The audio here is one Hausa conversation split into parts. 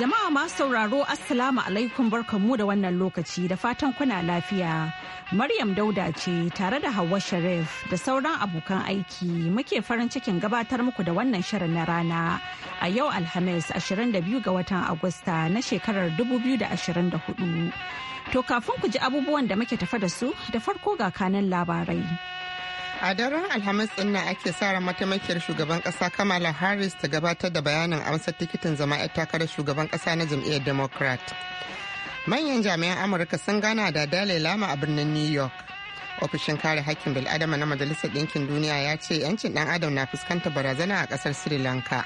Jama'a masu sauraro Assalamu alaikum barkanmu da wannan lokaci da fatan kuna lafiya. Maryam Dauda ce tare da Hauwa Sharif da sauran abokan aiki muke farin cikin gabatar muku da wannan shirin na rana a yau Alhamis 22 ga watan Agusta na shekarar 2024. To kafin ku ji abubuwan da muke tafa da su da farko ga kanan labarai. a daren alhamis din nan ake sa ran mataimakiyar shugaban kasa kamala harris ta gabatar da bayanin amsar tikitin zama 'yar takarar shugaban kasa na jam'iyyar democrat manyan jami'an amurka sun gana da dalai lama a birnin new york ofishin kare hakkin bil'adama na majalisar ɗinkin duniya ya ce 'yancin ɗan adam na fuskantar barazana a ƙasar sri lanka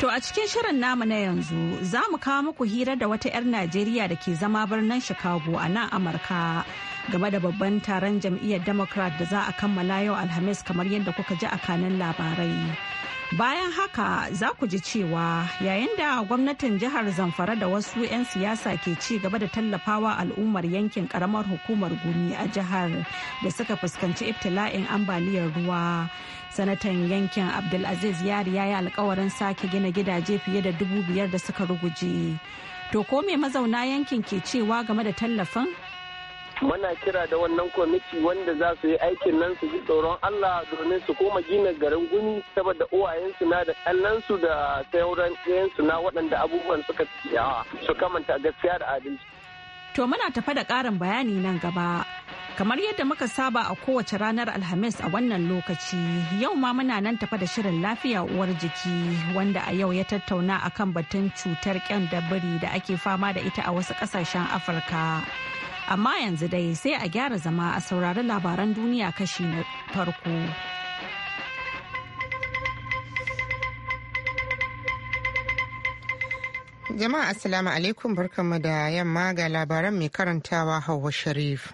To a cikin shirin namu na yanzu za mu kawo muku hira da wata 'yar Najeriya da ke zama birnin Chicago a nan Amurka game da babban taron jam'iyyar democrat da za a kammala yau alhamis kamar yadda kuka ji a kanin labarai bayan haka za ku ji cewa yayin da gwamnatin jihar zamfara da wasu 'yan siyasa ke ci gaba da tallafawa al'ummar yankin karamar hukumar gumi a jihar da suka fuskanci ibtila'in ambaliyar ruwa sanatan yankin abdulaziz yari ya yi alkawarin sake gina gidaje fiye da dubu biyar da suka ruguje to ko me mazauna yankin ke cewa game da tallafin muna kira da wannan kwamiti wanda za su yi aikin nan su ji tsoron Allah domin su koma gina garin guni saboda uwayensu na da ƙannansu da sauran na waɗanda abubuwan suka yawa su kamanta gaskiya da adalci. To muna tafa da ƙarin bayani nan gaba. Kamar yadda muka saba a kowace ranar Alhamis a wannan lokaci, yau ma muna nan tafa da shirin lafiya uwar jiki wanda a yau ya tattauna akan batun cutar ƙyan da da ake fama da ita a wasu ƙasashen Afirka. Amma yanzu dai sai a gyara zama a saurari labaran duniya kashi na farko. Jama'a Assalamu alaikum barkanmu da yamma ga labaran mai karantawa Hauwa Sharif.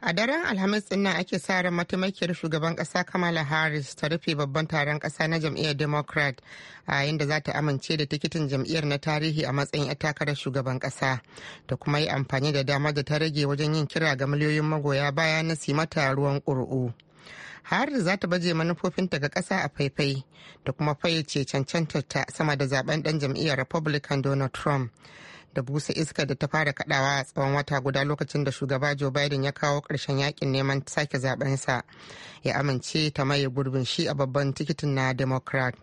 a daren alhamis din ake sa ran mataimakiyar shugaban kasa kamala harris ta rufe babban taron kasa na jam'iyyar democrat a yayin da za ta amince da tikitin jam'iyyar na tarihi a matsayin ya takarar shugaban kasa da kuma yi amfani da damar da ta rage wajen yin kira ga miliyoyin magoya baya na si mata ruwan ƙuri'u. har za ta baje manufofinta ga ƙasa a faifai da kuma fayyace cancantar ta sama da zaben ɗan jam'iyyar republican donald trump da busa iska da ta fara kadawa a tsawon wata guda lokacin da shugaba joe biden ya kawo ƙarshen yakin neman sake zabensa ya amince ta maye gurbin shi a babban tikitin na democrat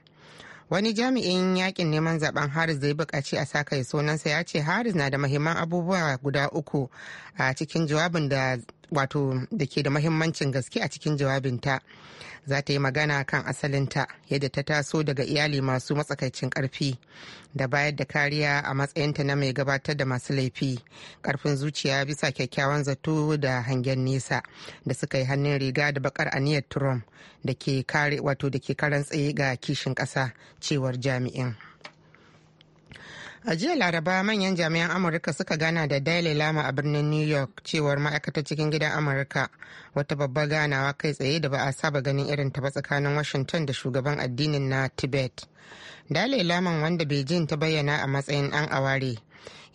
wani jami'in yakin neman zaben harris da ya bukaci a saka sunansa ya ce harris na da mahimman abubuwa guda uku a cikin jawabin da wato da ke da mahimmancin gaske a cikin jawabinta za ta yi magana kan asalinta yadda ta taso daga iyali masu matsakaicin karfi da bayar da kariya a matsayinta na mai gabatar da masu laifi karfin zuciya bisa kyakkyawan zato da hangen nesa da suka yi hannun riga da bakar aniyar trump da ke kare wato karan tsaye ga kishin ƙasa cewar jami'in A jiya Laraba manyan jami'an Amurka suka gana da Dalai Lama a birnin New York cewar ma'aikata cikin gidan Amurka wata babbar ganawa kai tsaye da ba a saba ganin irin ta ba tsakanin Washington da shugaban addinin na Tibet. Dalai Laman wanda Beijing ta bayyana a matsayin an aware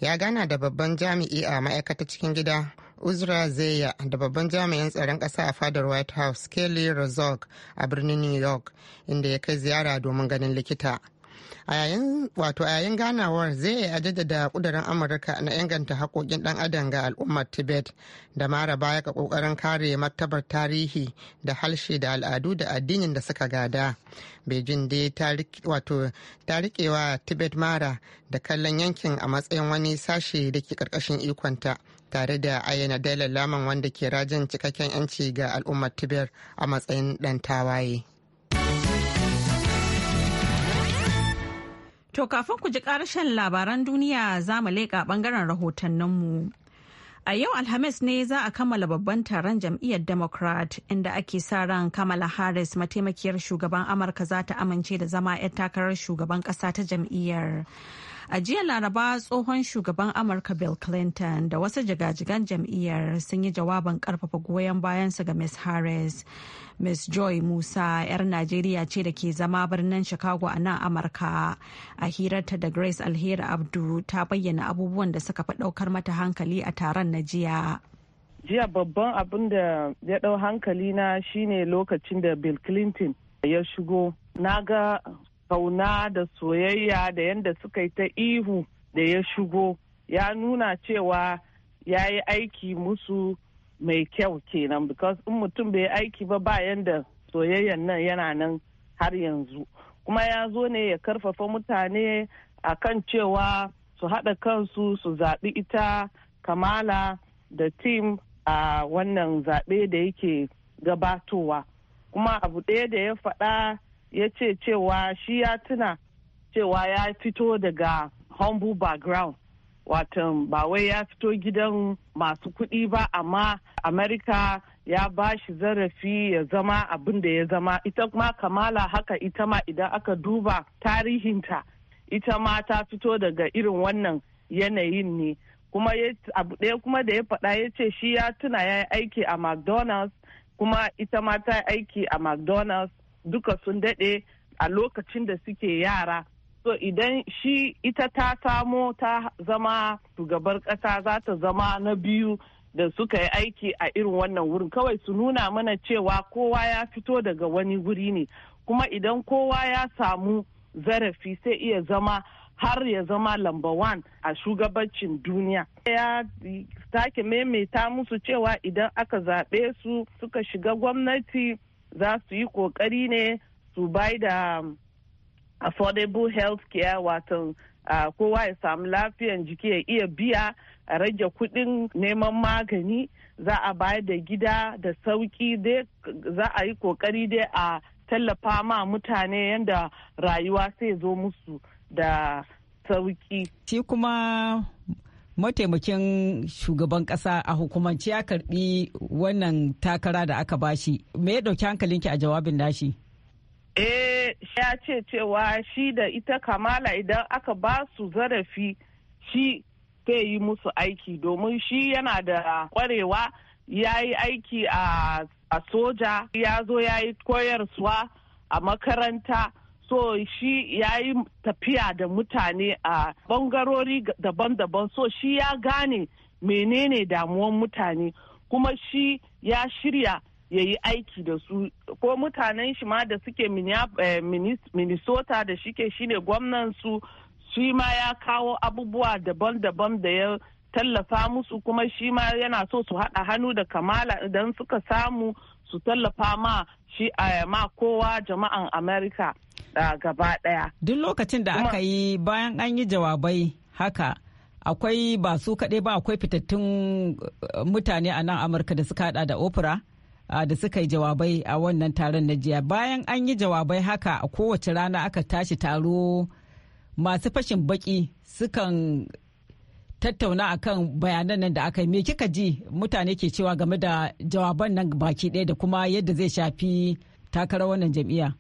ya gana da babban jami'i a ma'aikata cikin gida Uzra Zeya da babban jami'in tsaron ƙasa a fadar White House Kelly Razog a birnin New York inda ya kai ziyara domin ganin likita. a yayin wato yayin ganawar zai a jaddada kudirin amurka na inganta haƙoƙin ɗan adam ga al'ummar tibet da mara baya ga ƙoƙarin kare martabar tarihi da halshe da al'adu da addinin da suka gada beijing dai ta rikewa tibet mara da kallon yankin a matsayin wani sashe da ke ƙarƙashin ikonta tare da ayyana dalar laman wanda ke rajin cikakken 'yanci ga al'ummar tibet a matsayin ɗan tawaye. To kafin ku ji ƙarshen labaran duniya za mu leƙa ɓangaren rahotanninmu. A yau Alhamis ne za a kammala babban taron jam'iyyar Democrat inda ake sa ran Kamala Harris mataimakiyar shugaban Amurka za ta amince da zama 'yar takarar shugaban ƙasa ta jam'iyyar. A jiya Laraba tsohon shugaban Amurka Bill Clinton da wasu jigajigan jam'iyyar sun yi jawaban ƙarfafa goyon bayansu ga Ms. Harris ms Joy Musa 'yar Najeriya ce da ke zama birnin Chicago a nan Amurka. A hirarta da Grace Alheri Abdu ta bayyana abubuwan da suka fi ɗaukar mata hankali a taron na jiya. Jiya babban abin da ya ɗau hankali na shine lokacin da Bill Clinton ya shigo. Na ga kauna da soyayya da yadda suka yi ta ihu da ya shigo. Ya nuna cewa ya yi aiki musu mai kyau kenan because in mutum bai aiki ba bayan da soyayyan nan yana nan har yanzu kuma ya zo ne ya karfafa mutane a kan cewa su haɗa kansu su zaɓi ita kamala da tim a wannan zaɓe da yake gabatowa kuma abu ɗaya da ya faɗa ya ce cewa shi ya tuna cewa ya fito daga humble background watan ba wai ya fito gidan masu kuɗi ba amma amerika ya ba shi zarafi ya zama abin da ya zama ita ma kamala haka ita ma idan aka duba tarihinta ita ma ta fito daga irin wannan yanayin ne kuma abu ɗaya kuma da ya faɗa ya ce shi ya tuna ya yi aiki a mcdonald's kuma ita ma ta yi aiki a mcdonald's duka sun daɗe a lokacin da suke yara So idan shi ita ta samo ta zama shugabar ƙasa za ta zama na biyu da suka yi aiki a irin wannan wurin kawai su nuna mana cewa kowa ya fito daga wani guri ne kuma idan kowa ya samu zarafi sai iya zama har ya zama lamba one a shugabancin duniya. Ya sake maimaita musu cewa idan aka zaɓe su suka shiga gwamnati za su yi ƙoƙari ne su bai da affordable health care wato kowa ya samu lafiyan jiki ya iya biya a rage kudin neman magani za a bayar da gida da sauki dai za a yi kokari dai a tallafa ma mutane yadda rayuwa sai zo musu da sauki. Shi kuma mataimakin shugaban kasa a hukumance ya karbi wannan takara da aka bashi. Me ya dauki hankalinki a jawabin nashi? eh ya ce cewa shi da ita kamala idan aka ba su zarafi shi zai yi musu aiki domin shi yana da kwarewa ya yi aiki a, a soja ya zo ya yi koyarsuwa a makaranta so shi ya yi tafiya da mutane a bangarori daban-daban so shi ya gane menene damuwan mutane kuma shi ya shirya ya yi aiki da su ko mutanen shi ma da suke eh, minnesota da shike shine gwamnan su shi ma ya kawo abubuwa daban-daban da ya tallafa musu kuma shi ma yana so su haɗa hannu da kamala idan suka samu su tallafa ma shi eh, ma kowa jama'an amerika gaba ɗaya duk lokacin da aka yi bayan an yi jawabai haka akwai ba su kaɗai ba akwai fitattun eh, mutane a nan amurka da suka hada da opera da suka yi jawabai a wannan taron na jiya bayan an yi jawabai haka a kowace rana aka tashi taro masu fashin baki sukan tattauna akan bayanan nan da aka yi me kika ji mutane ke cewa game da jawaban nan baki ɗaya da kuma yadda zai shafi takarar wannan jam'iyya.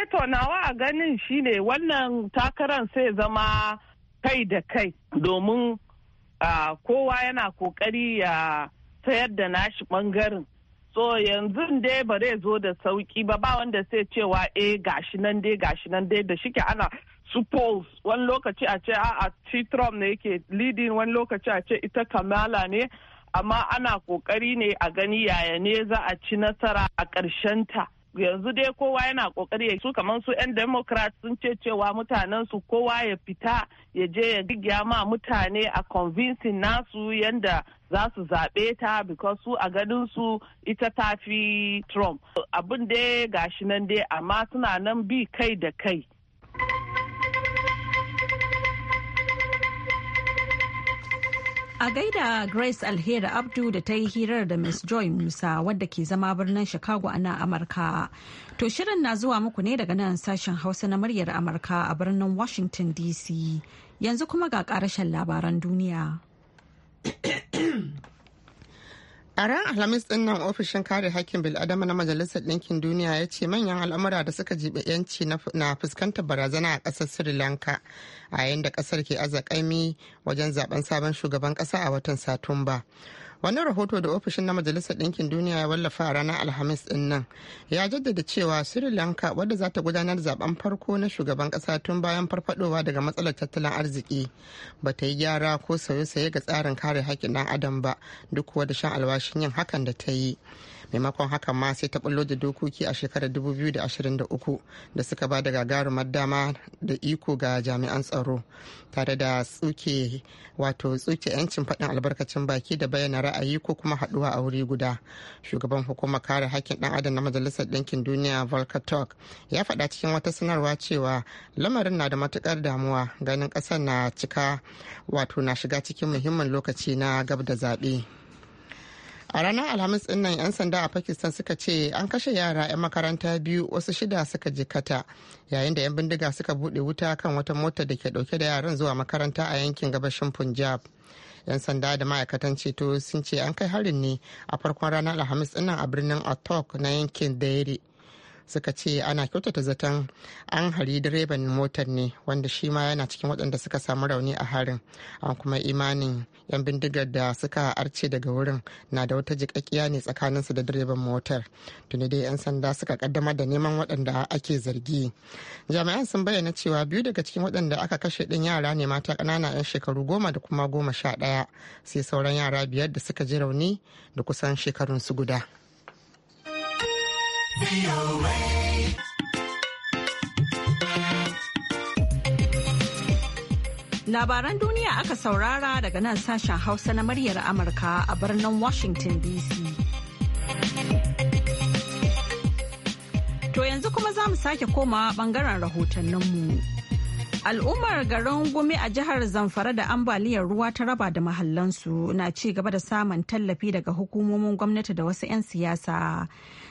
eto eh, nawa a ganin shine wannan takarar sai zama kai da kai domin ah, kowa yana kokari ya sayar da nashi ɓangaren. so yanzu dai ba zai zo da sauki ba ba wanda sai cewa eh gashi nan dai gashi nan dai da shike ana suppose wani lokaci a ce a ci trump ne yake leading wani lokaci a ce ita kamala ne amma ana kokari ne a gani yaya ne za a ci nasara a ta yanzu dai kowa yana kokari ya su kamar su 'yan democrat sun ce cewa mutanen su kowa ya fita ya je ya gigya ma mutane a convincing nasu yanda za su zaɓe ta because su a ganin su ita tafi fi trump abin dai gashi nan dai amma suna nan bi kai da kai A gaida Grace Alheri Abdu da ta yi hirar da Miss Joy Musa wadda ke zama birnin Chicago a nan Amurka. To shirin na zuwa muku ne daga nan sashen Hausa na muryar Amurka a birnin Washington DC. Yanzu kuma ga karashen labaran duniya. A ran Alhamis din nan ofishin kare hakkin bil'adama na Majalisar Ɗinkin Duniya ya ce manyan al'amura da suka jibi yanci na fuskantar barazana a ƙasar Sri Lanka a yayin da ƙasar ke azakami wajen zaben sabon shugaban ƙasa a watan Satumba. wani rahoto da ofishin na majalisar ɗinkin duniya ya wallafa a ranar alhamis din nan ya jaddada cewa sri lanka wadda za ta gudanar zaben farko na shugaban ƙasa tun bayan farfadowa daga matsalar tattalin arziki ba ta yi gyara ko sauye-sauye ga tsarin kare haƙƙin ɗan adam ba duk kuwa da shan alwashin yin hakan da ta yi maimakon haka ma sai ta bullo da dokoki a shekarar 2023 da suka ba da gagarumar dama da iko ga jami'an tsaro tare da tsuke wato tsuke 'yancin faɗin albarkacin baki da bayyana ra'ayi ko kuma haɗuwa a wuri guda shugaban hukumar kare hakkin ɗan adam na majalisar ɗinkin duniya volker talk ya faɗa cikin wata sanarwa cewa lamarin na da matukar damuwa ganin ƙasar na cika wato na shiga cikin muhimmin lokaci na gab da zaɓe. a ranar alhamis din nan 'yan sanda a pakistan suka ce an kashe yara 'yan makaranta biyu wasu shida suka jikata yayin da 'yan bindiga suka bude wuta kan wata mota da ke dauke da yaran zuwa makaranta a yankin gabashin punjab 'yan sanda da ma'aikatan ceto sun ce an kai harin ne a farkon ranar alhamis din nan a birnin atok na yankin dairy suka ce ana kyautata zaton an hari direban motar ne wanda shi ma yana cikin waɗanda suka samu rauni a harin an kuma imanin yan bindigar da suka arce daga wurin na da wata jikakkiya ne tsakaninsu da direban motar tuni dai yan sanda suka kaddama da neman waɗanda ake zargi jami'an sun bayyana cewa biyu daga cikin waɗanda aka kashe ɗin yara ne mata ƙanana 'yan shekaru goma da kuma goma sha ɗaya sai sauran yara biyar da suka ji rauni da kusan shekarunsu guda. Labaran duniya aka saurara daga nan sashen Hausa na muryar Amurka a birnin Washington DC. To yanzu kuma za mu sake koma bangaren rahotanninmu. Al'ummar garin Gumi a jihar Zamfara da ambaliyar ruwa ta raba da mahallansu na ci gaba da samun tallafi daga hukumomin gwamnati da wasu 'yan siyasa.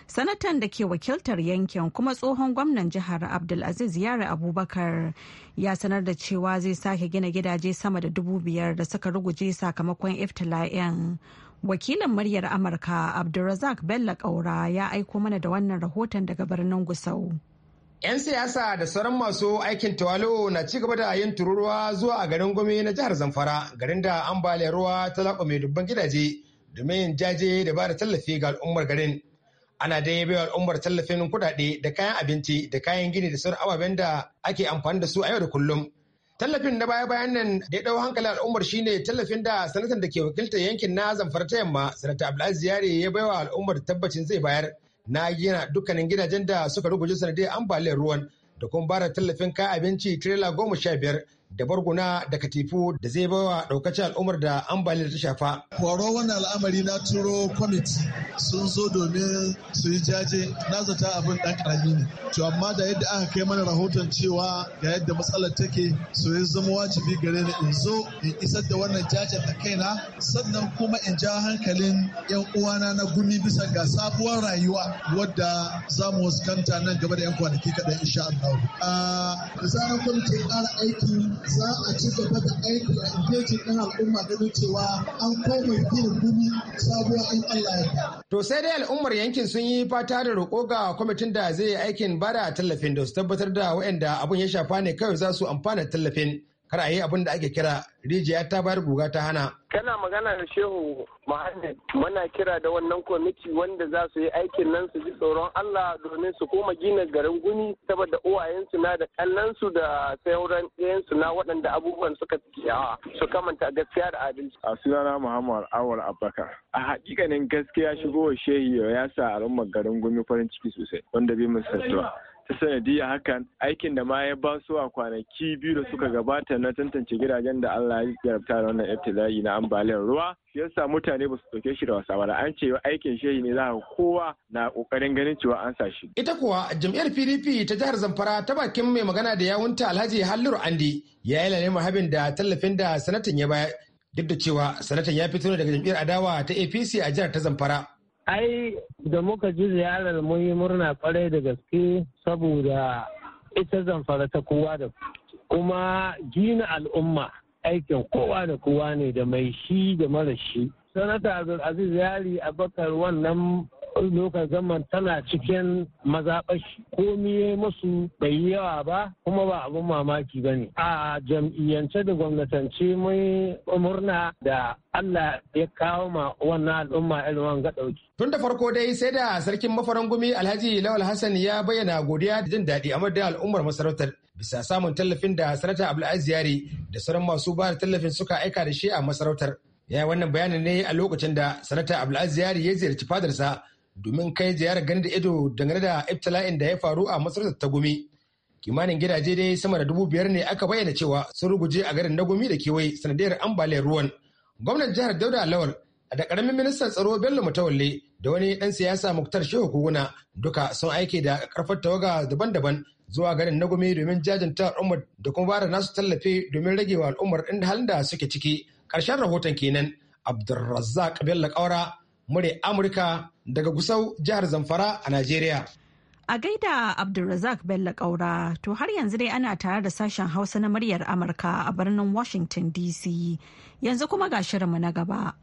sanatan da ke wakiltar yankin kuma tsohon gwamnan jihar abdulaziz yare abubakar ya sanar da cewa zai sake gina gidaje sama da dubu biyar da suka ruguje sakamakon iftila'in wakilin muryar amurka abdulrazak bello kaura ya aiko mana da wannan rahoton daga birnin gusau 'yan siyasa da sauran masu aikin tawalo na ci gaba da yin tururuwa zuwa a garin gwami na jihar zamfara garin da ambaliyar ruwa ta laƙo mai dubban gidaje domin jaje da ba da tallafi ga al'ummar garin ana dai baiwa al'ummar tallafin kuɗaɗe da kayan abinci da kayan gini da sauran ababen da ake amfani da su a yau da kullum tallafin na baya bayan nan da ya dau hankalin al'ummar shine tallafin da sanatan da ke wakiltar yankin na zamfara ta yamma sanata abdulaziz ziyare ya bai wa al'ummar tabbacin zai bayar na gina dukkanin gidajen da suka rubuce sanadiyar ambaliyar ruwan da kuma bara tallafin kayan abinci tirela goma sha biyar da barguna da katifu da zai bawa ɗaukacin al'ummar da ambaliyar ta shafa. Kwaro wannan al'amari na turo kwamiti sun zo domin su yi jaje na zata abin dan karami ne. To amma da yadda aka kai mana rahoton cewa ga yadda matsalar take su yi zama wajibi gare ni in zo in isar da wannan jajen a kaina sannan kuma in ja hankalin 'yan uwana na gumi bisa ga sabuwar rayuwa wadda za mu wasu kanta nan gaba da 'yan kwanaki kaɗan insha Allah. A ah, misalin kwamitin ƙara aiki za a ci gaba da aiki a ingejin ɗan al'umma da cewa an koma yin gumi sabuwa in Allah ya To sai dai al'ummar yankin sun yi fata da roƙo ga kwamitin da zai yi aikin bada tallafin da su tabbatar da waɗanda abin ya shafa ne kawai za su amfana tallafin. har a yi abin da ake kira rijiya ta bayar guga ta hana. Kana magana da Shehu Muhammad muna kira da wannan kwamiti wanda za su yi aikin nan su ji tsoron Allah domin su koma gina garin guni saboda uwayensu na da su da sauran ɗayansu na waɗanda abubuwan suka yawa su kamanta gaskiya da adalci. A sunana Muhammad Awar Abubakar. A hakikanin gaskiya shigowar Shehu ya sa al'ummar garin gumi farin ciki sosai wanda bai misaltuwa. ta sanadiyar hakan aikin da ma ya ba su a kwanaki biyu da suka gabata na tantance gidajen da Allah ya jarabta da wannan ibtila'i na ambaliyar ruwa yasa mutane ba su ɗauke shi da wasa ba an ce aikin shehi ne za kowa na kokarin ganin cewa an sa shi. Ita kuwa jam'iyyar PDP ta jihar Zamfara ta bakin mai magana da yawunta Alhaji Halliru Andi ya yi lalima habin da tallafin da sanatan ya bayar duk da cewa sanatan ya fito ne daga jam'iyyar adawa ta APC a jihar ta Zamfara. ai da muka ji ziyarar mun yi murna kwarai da gaske saboda ita zamfara ta kowa da kuma gina al'umma aikin kowa da kowa ne da mai shi da mara shi sanata abdulaziz yari abakar wannan lokacin zaman tana cikin mazaɓar komi masu bai yi yawa ba kuma ba abin mamaki ba ne a jam'iyyance da gwamnatance mai murna da Allah ya kawo ma wannan al'umma irin wanga ɗauki. Tun da farko dai sai da sarkin mafarangumi Alhaji Lawal Hassan ya bayyana godiya da jin daɗi a madadin al'ummar masarautar bisa samun tallafin da sanata Abdulaziz Yari da sauran masu ba da tallafin suka aika da shi a masarautar. Ya wannan bayanin ne a lokacin da sanata Abdulaziz Yari ya ziyarci fadarsa domin kai ziyarar gani da ido dangane da iftila'in da ya faru a masar ta gumi kimanin gidaje dai sama da dubu biyar ne aka bayyana cewa sun ruguje a garin na gumi da kewaye sanadiyar ambaliyar ruwan gwamnan jihar dauda lawal da karamin ministan tsaro bello mutawalle da wani dan siyasa muktar shehu kuguna duka sun aike da karfar tawaga daban-daban zuwa garin na gumi domin jajanta al'ummar da kuma bada nasu tallafi domin rage wa al'ummar ɗin halin da suke ciki karshen rahoton kenan abdulrazzaq bello kaura mure Amurka daga Gusau jihar Zamfara a Najeriya. A gaida Abdulrazak Bello Kaura, to har yanzu dai ana tare da sashen Hausa na muryar Amurka a birnin Washington DC. Yanzu kuma ga shirinmu na gaba.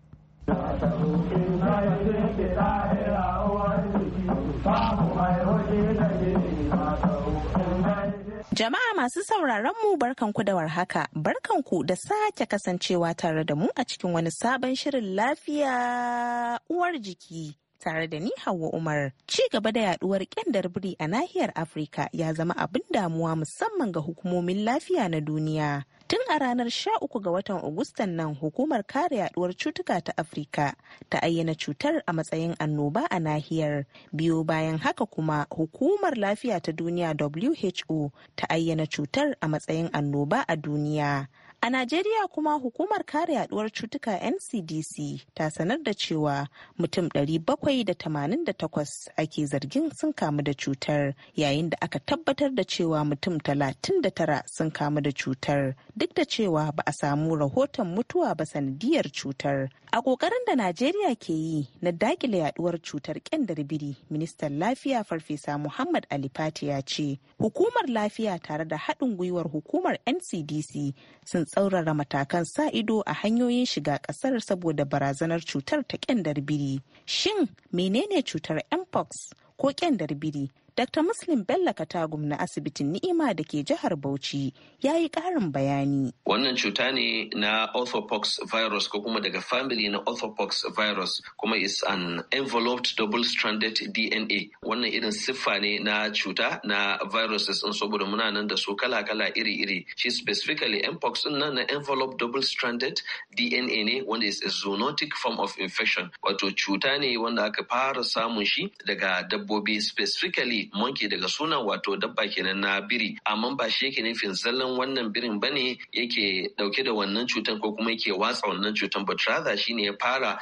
Jama'a masu sauraron mu ku da warhaka, barkanku da sake kasancewa tare da mu a cikin wani sabon shirin lafiya uwar jiki tare da ni Hauwa Umar. Ci gaba da yaduwar kyandar biri a nahiyar Afirka ya zama abin damuwa musamman ga hukumomin lafiya na duniya. Tun a ranar 13 ga watan Agustan nan hukumar kare yaduwar cutuka ta Afirka ta ayyana cutar a matsayin annoba a nahiyar. Biyo bayan haka kuma hukumar lafiya ta duniya WHO ta ayyana cutar a matsayin annoba a duniya. A Najeriya kuma hukumar kare yaduwar cutuka NCDC ta sanar da cewa mutum 788 ake zargin sun kamu da cutar yayin da aka tabbatar da cewa mutum 39 sun kamu da cutar duk da cewa ba a samu rahoton mutuwa ba sanadiyar cutar. A ƙoƙarin da Najeriya ke yi na dakile yaduwar cutar ƙyandar biri, ministan lafiya Farfesa Muhammad Ali Fati ya ce, hukumar lafiya tare da haɗin gwiwar hukumar NCDC sun tsaurara matakan sa ido a hanyoyin shiga kasar saboda barazanar cutar ta kyandar biri. Shin menene cutar mpox ko kyandar biri Dr. Muslim Bello Katagum na asibitin Ni'ima da ke jihar Bauchi ya yi ƙarin bayani. Wannan cuta ne na orthopox virus ko kuma daga family na orthopox virus kuma is an enveloped double-stranded DNA. Wannan irin siffa ne na cuta na viruses in saboda muna nan da su kala-kala iri-iri. Shi specifically mpox ɗin nan na enveloped double-stranded DNA ne wanda is a zoonotic form of infection. Wato cuta ne wanda aka fara samun shi daga dabbobi specifically monkey daga sunan wato dabba kenan na biri amma ba shi yake nufin zallan wannan birin ba ne yake dauke da wannan cutan ko kuma yake watsa wannan cutan but rather shine ya fara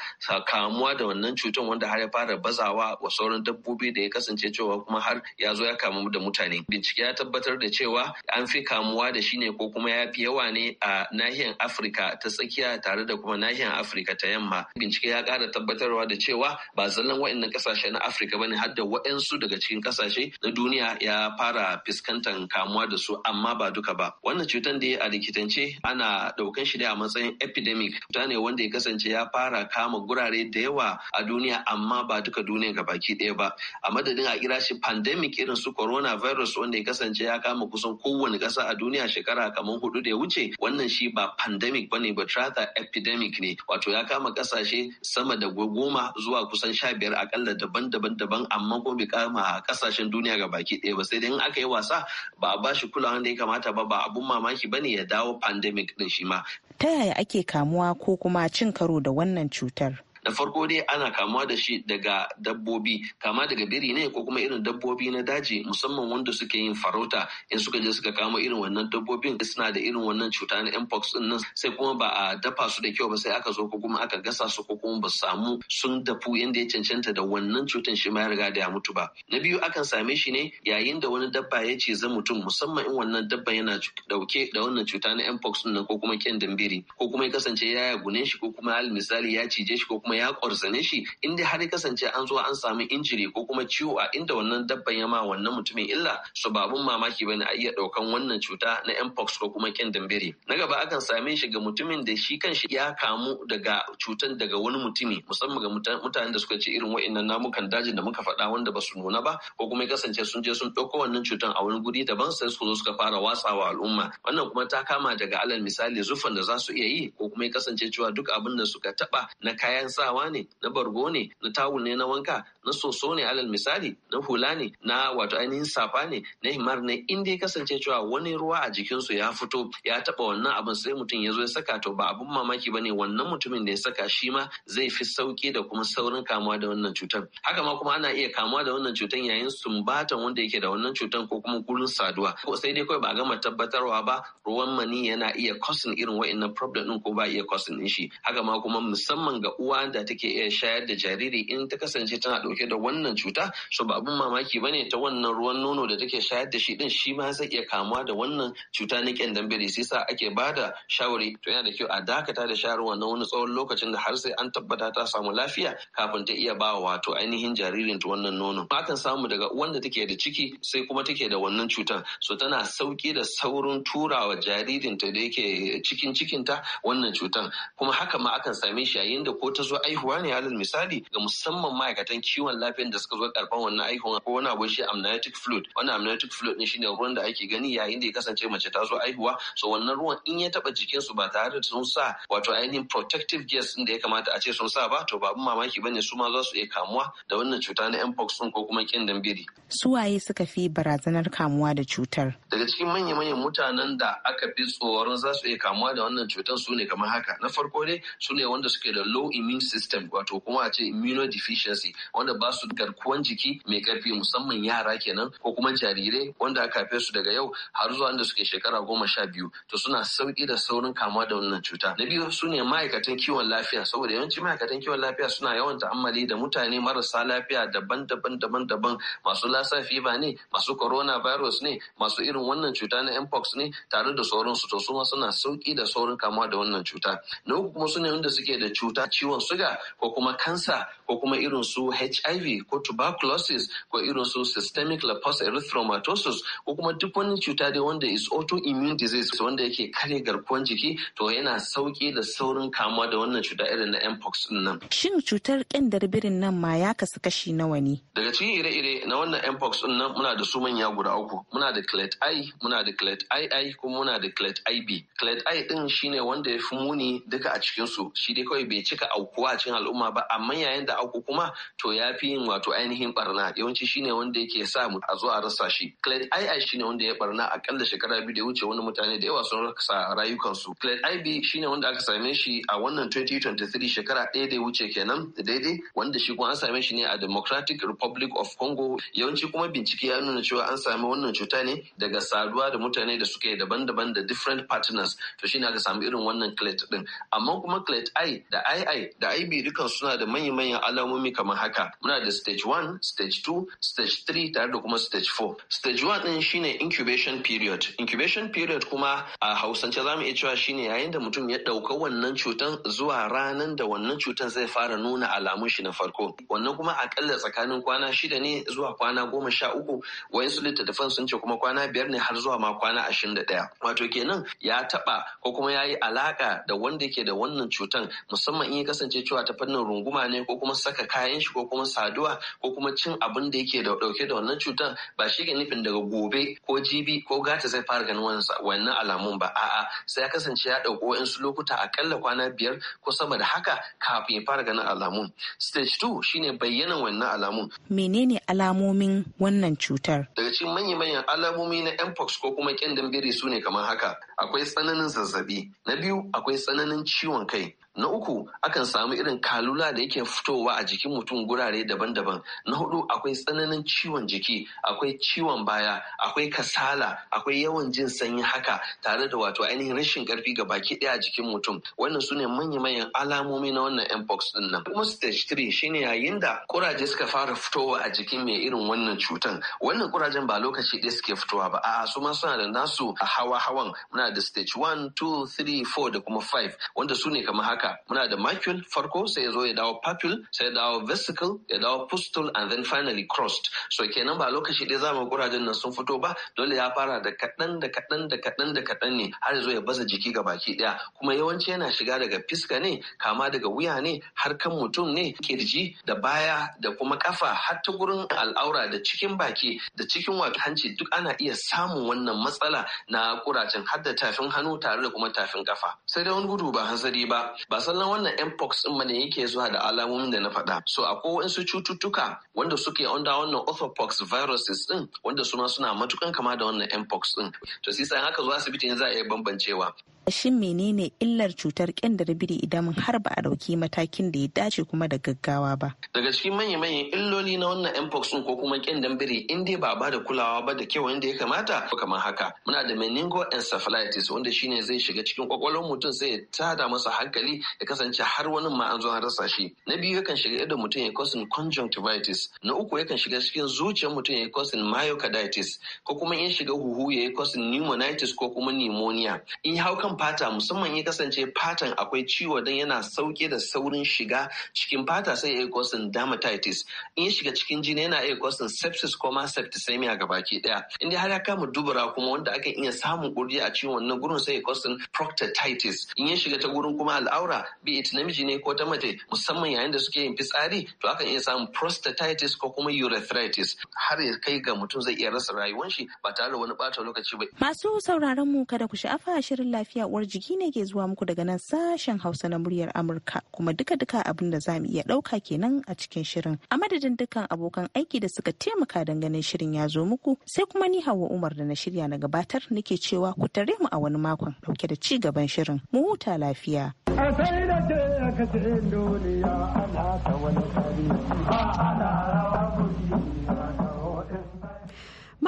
kamuwa da wannan cutan wanda har ya fara bazawa wa sauran dabbobi da ya kasance cewa kuma har ya zo ya kamu da mutane bincike ya tabbatar da cewa an fi kamuwa da shi ne ko kuma ya fi yawa ne a nahiyar afirka ta tsakiya tare da kuma nahiyar afirka ta yamma bincike ya kara tabbatarwa da cewa ba zallan waɗannan kasashe na afirka ba ne har da waɗansu daga cikin kasashe kasashe na duniya ya fara fuskantar kamuwa da su amma ba duka ba wannan cutar da a rikitance ana daukan shi ne a matsayin epidemic cuta ne wanda ya kasance ya fara kama gurare da yawa a duniya amma ba duka duniya ga baki ɗaya ba a madadin a kira shi pandemic irin su coronavirus wanda ya kasance ya kama kusan kowane kasa a duniya shekara kamar hudu da ya wuce wannan shi ba pandemic bane ba trata epidemic ne wato ya kama kasashe sama da goma zuwa kusan sha biyar akalla daban-daban daban amma ko bai kama ƙasashe kasashen duniya ga baki ɗaya ba sai dai in aka yi wasa ba a ba shi kulawan da ya kamata ba ba abun mamaki ba ne ya dawo pandemic din shi ma. Ta yaya ake kamuwa ko kuma cin karo da wannan cutar? da farko dai ana kamuwa da shi daga dabbobi kama daga biri ne ko kuma irin dabbobi na daji musamman wanda suke yin farauta in suka je suka kama irin wannan dabbobin suna da irin wannan cuta na mpox din nan sai kuma ba a dafa su da kyau ba sai aka zo ko kuma aka gasa su ko kuma ba samu sun dafu inda ya cancanta da wannan cutan shi ma ya riga da ya mutu ba na biyu akan same shi ne yayin da wani dabba ya ce za mutum musamman in wannan dabba yana dauke da wannan cuta na mpox din nan ko kuma kyan dambiri ko kuma ya kasance ya yagune shi ko kuma misali ya cije shi ko kuma ya ƙwarzane shi inda har ya kasance an zo an samu injiri ko kuma ciwo a inda wannan dabban ya ma wannan mutumin illa su babun mamaki mamaki bane a iya ɗaukan wannan cuta na mpox ko kuma kindambiri na gaba akan same shi ga mutumin da shi kanshi ya kamu daga cutan daga wani mutumi musamman ga mutanen da suka ce irin wa'annan namukan dajin da muka faɗa wanda ba su nuna ba ko kuma ya kasance sun je sun ɗauko wannan cutan a wani guri daban sai su zo suka fara watsawa al'umma wannan kuma ta kama daga alal misali zufan da za su iya yi ko kuma ya kasance cewa duk abin da suka taɓa na kayan sa sawa ne na bargo ne na tawul ne na wanka na soso ne alal misali na hula ne na wato ainihin safa ne na himar ne in dai kasance cewa wani ruwa a jikinsu ya fito ya taba wannan abin sai mutum ya zo ya saka to ba abun mamaki ba ne wannan mutumin da ya saka shi ma zai fi sauki da kuma saurin kamuwa da wannan cutar haka ma kuma ana iya kamuwa da wannan cutar yayin sumbatan wanda yake da wannan cutar ko kuma gurin saduwa ko sai dai kawai ba gama tabbatarwa ba ruwan mani yana iya kosin irin wa'annan problem din ko ba iya kosin din shi haka ma kuma musamman ga uwa da take iya shayar da jariri in ta kasance tana dauke dauke da wannan cuta so ba abin mamaki ne ta wannan ruwan nono da take shayar da shi din shi ma zai iya kamuwa da wannan cuta na kyandan biri sai sa ake ba da shawari to yana da kyau a dakata da shayarwa na wani tsawon lokacin da har sai an tabbata ta samu lafiya kafin ta iya ba wato ainihin jaririn ta wannan nono akan samu daga wanda take da ciki sai kuma take da wannan cutar so tana sauki da saurin turawa jaririn ta da yake cikin cikinta wannan cutar kuma haka ma akan same shi yayin da ko ta zo aihuwa ne alal misali ga musamman ma'aikatan kiwon kiwon lafiyan da suka zo karban wannan aihuwa ko wani abu shi amniotic fluid wannan amniotic fluid ne shine ruwan da ake gani yayin da ya kasance mace ta zo aihuwa so wannan ruwan in ya taba jikin su ba tare da sun sa wato ainihin protective gears din da ya kamata a ce sun sa ba to ba abin mamaki bane su ma za su iya kamuwa da wannan cuta na mpox din ko kuma kindan biri su waye suka fi barazanar kamuwa da cutar daga cikin manya-manyan mutanen da aka fi tsoron za su iya kamuwa da wannan cutar su ne kamar haka na farko ne su ne wanda suke da low immune system wato kuma a ce immunodeficiency da ba su garkuwan jiki mai karfi musamman yara kenan ko kuma jarirai wanda aka haife su daga yau har zuwa inda suke shekara goma sha biyu to suna sauki da saurin kamuwa da wannan cuta na biyu su ne ma'aikatan kiwon lafiya saboda yawanci ma'aikatan kiwon lafiya suna yawan ta'ammali da mutane marasa lafiya daban-daban daban-daban masu lasa fiba ne masu corona virus ne masu irin wannan cuta na mpox ne tare da sauransu to su ma suna sauki da saurin kamuwa da wannan cuta na uku kuma su ne wanda suke da cuta ciwon suga ko kuma kansa ko kuma irin su HIV hiv ko tuberculosis ko irin su systemic lupus erythromatosis ko kuma duk wani cuta dai wanda is autoimmune disease wanda yake kare garkuwar jiki to yana sauki da saurin kamuwa da wannan cuta irin na mpox din nan shin cutar kendar birin nan ma ya kasu kashi nawa ne daga cikin ire-ire na wannan mpox din nan muna da su manya guda uku muna da clet i muna da clet ii kuma muna da clet ib clet i din shine wanda ya fi muni duka a cikin su shi dai kawai bai cika aukuwa a cikin al'umma ba amma yayin da auku kuma to ya ya fi yin wato ainihin barna yawanci shine wanda yake sa mu a zo a rasa shi clade ii shine wanda ya barna akalla shekara biyu da wuce wani mutane da yawa sun rasa rayukansu clade ib shine wanda aka same shi a wannan 2023 shekara ɗaya da ya wuce kenan da daidai wanda shi kuma an same shi ne a democratic republic of congo yawanci kuma bincike ya nuna cewa an sami wannan cuta ne daga saduwa da mutane da suke daban-daban da different partners to shine aka samu irin wannan clade din amma kuma clade i da ii da ib dukan suna da manya-manyan alamomi kamar haka muna da stage 1 stage 2 stage 3 tare da kuma stage 4 stage 1 din shine incubation period incubation period kuma a hausance za mu iya cewa shine yayin da mutum ya ɗauka wannan cutan zuwa ranan da wannan cutan zai fara nuna alamun shi na farko wannan kuma akalla tsakanin kwana shida ne zuwa kwana goma sha uku su littattafan sun ce kuma kwana biyar ne har zuwa ma kwana ashirin da ɗaya wato kenan ya taɓa ko kuma ya yi alaƙa da wanda ke da wannan cutan musamman in ya kasance cewa ta fannin runguma ne ko kuma saka kayan shi ko kuma saduwa ko kuma cin abin da yake dauke da wannan cutar ba shi ke nufin daga gobe ko jibi ko gata zai fara ganin wannan alamun ba a'a sai ya kasance ya dauko wa'insu lokuta akalla kwana biyar ko sama da haka kafin ya fara ganin alamun stage 2 shine bayyanan wannan alamun menene alamomin wannan cutar daga cikin manya-manyan alamomi na mpox ko kuma kyandambiri su ne kamar haka akwai tsananin zazzabi na biyu akwai tsananin ciwon kai Na uku akan samu irin kalula da yake fitowa a jikin mutum gurare daban-daban. Na hudu akwai tsananin ciwon jiki, akwai ciwon baya, akwai kasala, akwai yawan jin sanyi haka tare da wato ainihin rashin karfi ga baki daya a jikin mutum. Wannan su ne manya-manyan alamomi na wannan mpox din nan. Kuma stage 3 shine yayin da kuraje suka fara fitowa a jikin mai irin wannan cutan. Wannan kurajen ba lokaci ɗaya suke fitowa ba, a'a su ma suna da nasu hawa-hawan muna da stage 1, 2, 3, 4 da kuma 5 wanda su ne kamar haka haka muna da macule farko sai ya zo ya dawo papule sai ya dawo vesicle ya dawo pustule and then finally crossed so kenan ba lokaci ɗaya zamu kurajen nan sun fito ba dole ya fara da kaɗan da kaɗan da kaɗan da kaɗan ne har ya zo ya baza jiki ga baki ɗaya kuma yawanci yana shiga daga fiska ne kama daga wuya ne har kan mutum ne kirji da baya da kuma kafa har ta gurin al'aura da cikin baki da cikin wato hanci duk ana iya samun wannan matsala na ƙurajen har da tafin hannu tare da kuma tafin kafa sai da wani gudu ba hanzari ba ba sannan wannan mpox din ne yake zuwa da alamomin da na faɗa so akwai wasu cututtuka wanda suke onda wannan orthopox viruses din wanda suna suna matukan kama da wannan mpox din to sai haka zuwa asibiti ne za a iya bambancewa shin menene illar cutar kyandar biri idan har ba a dauki matakin da ya dace kuma da gaggawa ba daga cikin manya-manyan illoli na wannan mpox ko kuma kyandar biri in dai ba ba da kulawa ba da kyau inda ya kamata kamar haka muna da meningoencephalitis wanda shine zai shiga cikin kwakwalwar mutum sai ya tada masa hankali ya kasance har wani ma an zo an rasa shi na biyu yakan shiga idan mutum ya kosin conjunctivitis na uku yakan shiga cikin zuciyar mutum ya kosin myocarditis ko kuma in shiga huhu ya yi kosin pneumonitis ko kuma pneumonia in hau kan fata musamman ya kasance fatan akwai ciwo don yana sauke da saurin shiga cikin fata sai ya yi dermatitis in ya shiga cikin jini yana iya kosin sepsis ko ma septicemia ga baki daya inda har ya kama dubura kuma wanda akan iya samun kurji a ciwon wannan gurin sai ya kosin proctitis in ya shiga ta gurin kuma al'aura bi it namiji ne ko ta mace musamman yayin da suke yin fitsari to akan iya samun prostatitis ko kuma urethritis har ya kai ga mutum zai iya rasa rayuwar shi ba tare da wani bata lokaci ba masu sauraron mu kada ku sha'afa shirin lafiya uwar jiki ne ke zuwa muku daga nan sashen Hausa na muryar Amurka kuma duka-duka abin da za mu iya ɗauka kenan a cikin shirin. A madadin dukkan abokan aiki da suka taimaka ganin shirin ya zo muku sai kuma ni Hauwa Umar da na shirya na gabatar nake cewa ku tare mu a wani makon dauke da ci gaban shirin. Mu huta lafiya. A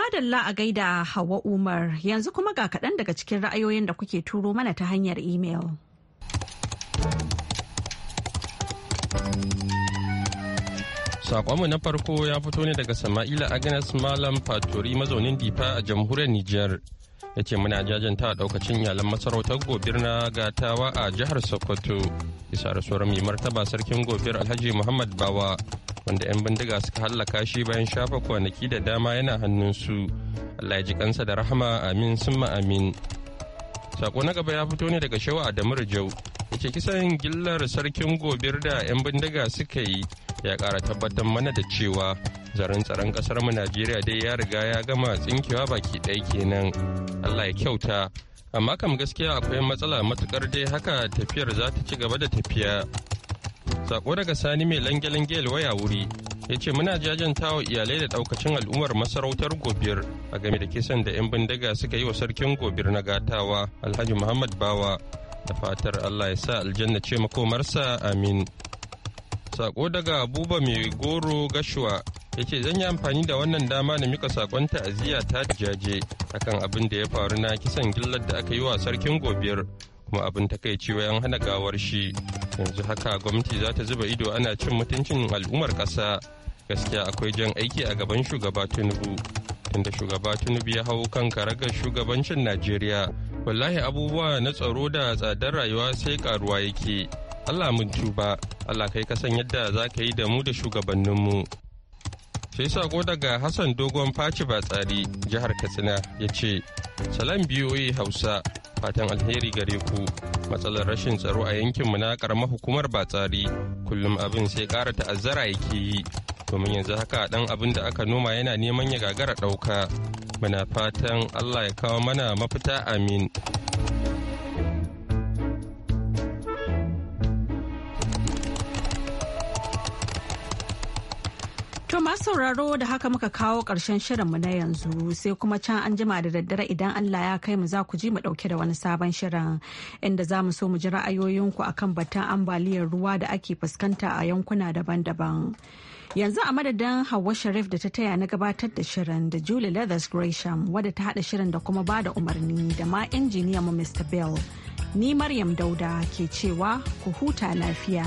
Madalla a gaida Hawa Umar yanzu kuma ga kaɗan daga cikin ra'ayoyin da kuke turo mana ta hanyar imel. Sakonmu na farko ya fito ne daga Sama'ila Agnes Malam Fatori mazaunin Difa a jamhuriyar Nijar. ya ce muna jajanta daukacin iyalan masarautar gobir na gatawa a jihar sokoto bisa rasuwar mai martaba sarkin gobir alhaji muhammad bawa wanda 'yan bindiga suka hallaka shi bayan shafa kwanaki da dama yana hannunsu allah ya ji kansa da rahama amin summa amin sako na gaba ya fito ne daga shawa adamu jau yake kisan gillar sarkin gobir da 'yan bindiga suka yi ya kara tabbatar mana da cewa zaren tsaron kasar mu najeriya dai ya riga ya gama tsinkewa baki ɗaya kenan allah ya kyauta amma kam gaskiya akwai matsala matukar dai haka tafiyar za ta ci gaba da tafiya sako daga sani mai lange-lange waya wuri ya ce muna jajantawa iyalai da daukacin al'ummar masarautar gobir a game da kisan da 'yan bindiga suka yi wa sarkin gobir na gatawa alhaji muhammad bawa da fatar allah ya sa aljanna ce makomarsa amin Sako daga Abuba mai goro gashuwa ya ce zan yi amfani da wannan dama na mika sakon ta'aziyya ta jaje akan abin da ya faru na kisan gillar da aka yi wa sarkin gobiyar kuma abin ta ciwo 'yan hana gawar shi yanzu haka gwamnati za ta zuba ido ana cin mutuncin al'ummar ƙasa gaskiya akwai jan aiki a gaban shugaba tinubu tunda shugaba tinubu ya hau kan karagar shugabancin najeriya wallahi abubuwa na tsaro da tsadar rayuwa sai karuwa yake Allah mun tuba Allah kai ka san yadda za ka yi da mu da shugabanninmu sai sako daga Hassan Dogon Faci Batsari jihar Katsina ya ce salam biyoyi Hausa fatan alheri gare ku matsalar rashin tsaro a yankinmu na karama hukumar Batsari kullum abin sai ƙara ta'azzara yake yi domin yanzu haka ɗan abin da aka noma yana neman ya gagara ɗauka muna fatan Allah ya kawo mana mafita amin To masu sauraro da haka muka kawo ƙarshen shirinmu na yanzu sai kuma can an jima da daddare idan Allah ya kai mu za ku ji mu ɗauke da wani sabon shirin inda za mu so mu ji ra'ayoyinku akan batun ambaliyar ruwa da ake fuskanta a yankuna daban-daban. Yanzu a madadin Hauwa Sharif da ta taya na gabatar da shirin da Julie Leathers Gresham wadda ta haɗa shirin da kuma ba da umarni da ma injiniyan mu Mr. Bell. Ni Maryam Dauda ke cewa ku huta lafiya.